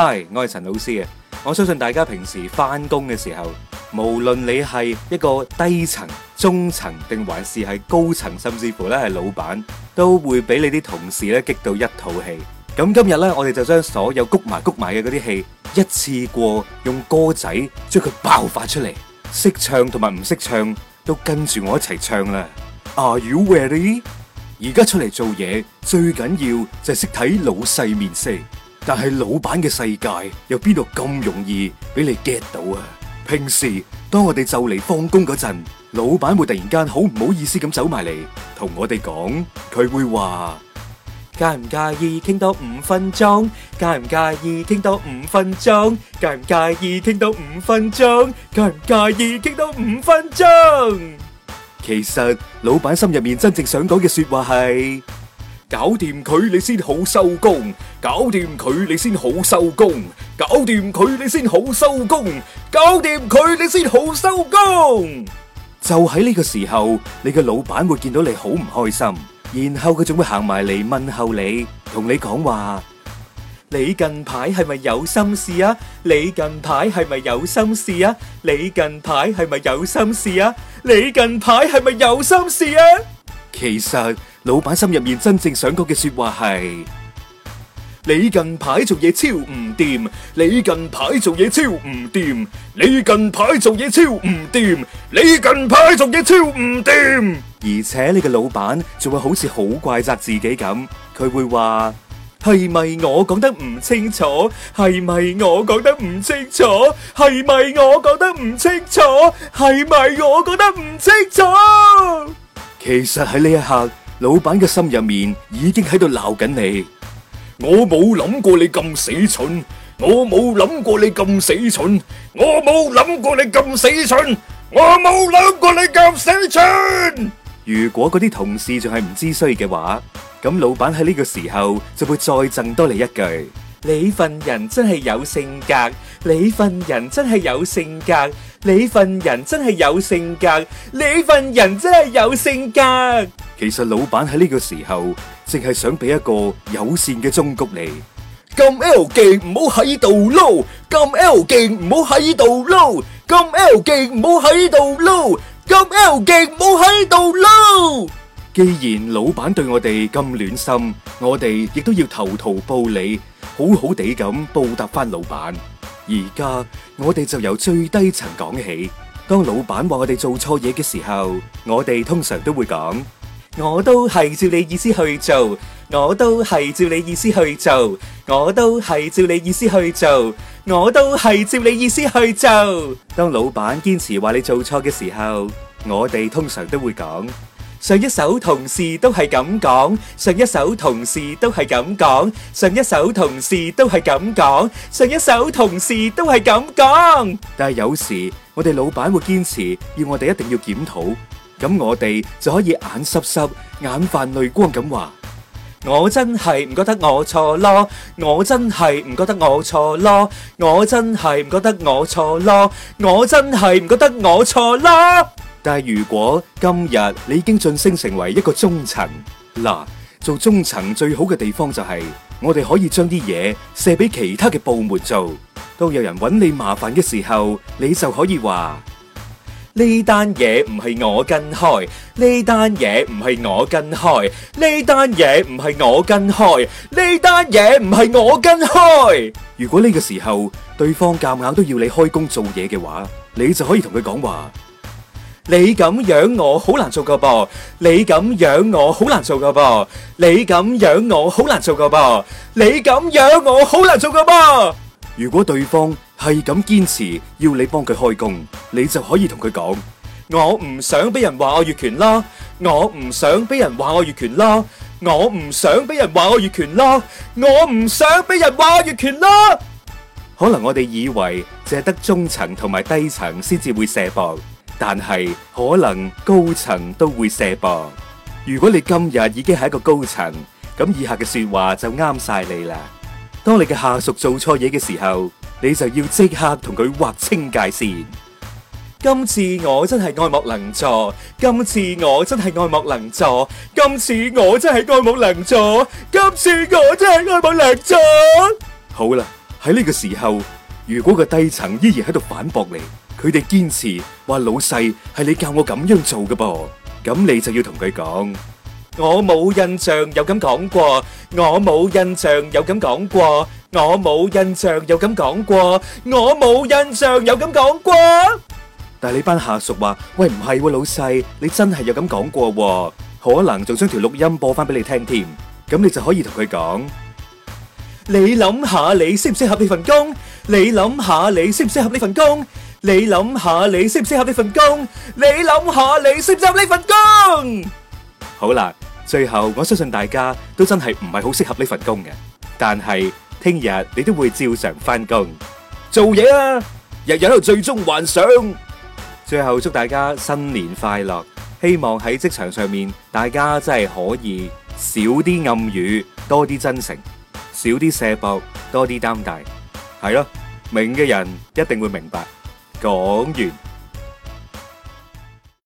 嗨，我係陳老師啊。我相信大家平時翻工嘅時候，無論你係一個低層、中層，定還是係高層，甚至乎咧係老闆，都會俾你啲同事咧激到一套戲。咁今日咧，我哋就將所有谷埋谷埋嘅嗰啲戲一次過用歌仔將佢爆發出嚟。識唱同埋唔識唱都跟住我一齊唱啦。Are you ready？而家出嚟做嘢最緊要就係識睇老細面色。但係老闆嘅世界又邊度咁容易俾你 get 到啊？平時當我哋就嚟放工嗰陣，老闆會突然間好唔好意思咁走埋嚟同我哋講，佢會話介唔介意傾多五分鐘？介唔介意傾多五分鐘？介唔介意傾多五分鐘？介唔介意傾多五分鐘？其實老闆心入面真正想講嘅說話係。搞掂佢你先好收工，搞掂佢你先好收工，搞掂佢你先好收工，搞掂佢你先好收工。就喺呢個時候，你嘅老闆會見到你好唔開心，然後佢仲會行埋嚟問候你，同你講話：你近排係咪有心事啊？你近排係咪有心事啊？你近排係咪有心事啊？你近排係咪有心事啊？其實老闆心入面真正想講嘅說話係：你近排做嘢超唔掂，你近排做嘢超唔掂，你近排做嘢超唔掂，你近排做嘢超唔掂。而且你嘅、這個、老闆仲會好似好怪責自己咁，佢會話：係咪我講得唔清楚？係咪我講得唔清楚？係咪我講得唔清楚？係咪我講得唔清楚？係其實喺呢一刻，老闆嘅心入面已經喺度鬧緊你。我冇諗過你咁死蠢，我冇諗過你咁死蠢，我冇諗過你咁死蠢，我冇諗過你咁死蠢。如果嗰啲同事仲係唔知衰嘅話，咁老闆喺呢個時候就會再贈多你一句：你份人真係有性格，你份人真係有性格。你份人真係有性格，你份人真係有性格。其實老闆喺呢個時候，淨係想俾一個友善嘅忠告你，咁 L 勁唔好喺度撈，咁 L 勁唔好喺度撈，咁 L 勁唔好喺度撈，咁 L 勁唔好喺度撈。既然老闆對我哋咁暖心，我哋亦都要投桃報李，好好地咁報答翻老闆。而家我哋就由最低層講起。當老闆話我哋做錯嘢嘅時候，我哋通常都會講：我都係照你意思去做，我都係照你意思去做，我都係照你意思去做，我都係照你意思去做。當老闆堅持話你做錯嘅時候，我哋通常都會講。上一手同事都係咁講，上一手同事都係咁講，上一手同事都係咁講，上一手同事都係咁講。但係有時我哋老闆會堅持要我哋一定要檢討，咁我哋就可以眼濕濕、眼泛淚光咁話：我真係唔覺得我錯咯，我真係唔覺得我錯咯，我真係唔覺得我錯咯，我真係唔覺得我錯咯。但係如果今日你已經晉升成為一個中層，嗱，做中層最好嘅地方就係、是、我哋可以將啲嘢卸俾其他嘅部門做。當有人揾你麻煩嘅時候，你就可以話，呢單嘢唔係我跟開，呢單嘢唔係我跟開，呢單嘢唔係我跟開，呢單嘢唔係我跟開。跟開，如果呢個時候對方夾硬，硬都要你開工做嘢嘅話，你就可以同佢講話。你咁樣我好難做噶噃，你咁樣我好難做噶噃，你咁樣我好難做噶噃，你咁樣我好難做噶噃。如果對方係咁堅持要你幫佢開工，你就可以同佢講：我唔想俾人話我越權啦，我唔想俾人話我越權啦，我唔想俾人話我越權啦，我唔想俾人話我越權啦。啦，可能我哋以為淨係得中層同埋低層先至會卸膊。但係可能高層都會卸膊。如果你今日已經係一個高層，咁以下嘅說話就啱晒你啦。當你嘅下屬做錯嘢嘅時候，你就要即刻同佢劃清界線。今次我真係愛莫能助，今次我真係愛莫能助，今次我真係愛莫能助，今次我真係愛莫能助。好啦，喺呢個時候。如果個低層依然喺度反駁你，佢哋堅持話老細係你教我咁樣做㗎噃，咁你就要同佢講，我冇印象有咁講過，我冇印象有咁講過，我冇印象有咁講過，我冇印象有咁講過。但係你班下屬話喂，唔係喎，老細你真係有咁講過，啊，可能仲將條錄音播翻俾你聽添，咁你就可以同佢講，你諗下你適唔適合呢份工？你諗下，你適唔適合呢份工？你諗下，你適唔適合呢份工？你諗下，你適唔適合呢份工？好啦，最後我相信大家都真係唔係好適合呢份工嘅，但係聽日你都會照常翻工做嘢啦。日日喺度最終幻想，最後祝大家新年快樂。希望喺職場上面，大家真係可以少啲暗語，多啲真誠，少啲卸膊，多啲擔大。係咯，明嘅人一定會明白。講完。